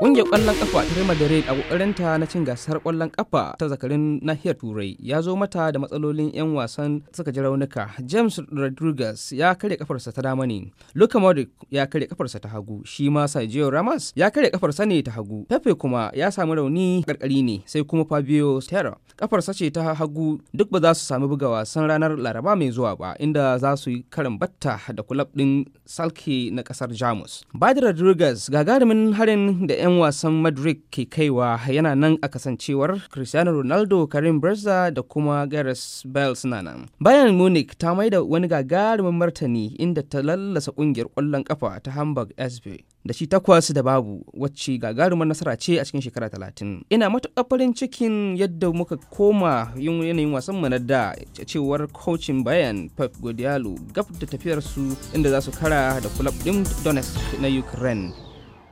Ƙungiyar kwallon ƙafa ta Real Madrid a kokarinta na cin gasar kwallon kafa ta zakarin nahiyar Turai ya zo mata da matsalolin 'yan wasan suka ji raunuka. James Rodriguez ya karya kafarsa ta dama ne. Luka Modric ya karya kafarsa ta hagu. Shi ma Sergio Ramos ya karya kafarsa ne ta hagu. Pepe kuma ya samu rauni karkari ne sai kuma Fabio Terra kafarsa ce ta hagu duk ba za su sami buga wasan ranar Laraba mai zuwa ba inda za su yi karin batta da kulab din Salke na kasar Jamus. Badir Rodriguez gagarumin harin da 'yan ƴan wasan Madrid ke kaiwa yana nan a kasancewar Cristiano Ronaldo, Karim Benzema da kuma Gareth Bale suna nan. Bayern Munich ta maida wani gagarumin martani inda ta lallasa kungiyar ƙwallon kafa ta Hamburg Sb. da shi takwas da babu wacce gagarumar nasara ce a cikin shekara talatin ina matuƙar farin cikin yadda muka koma yin yanayin wasan mu na da cewar kocin bayan pep guardiola gab da tafiyarsu inda za su kara da club din donetsk na ukraine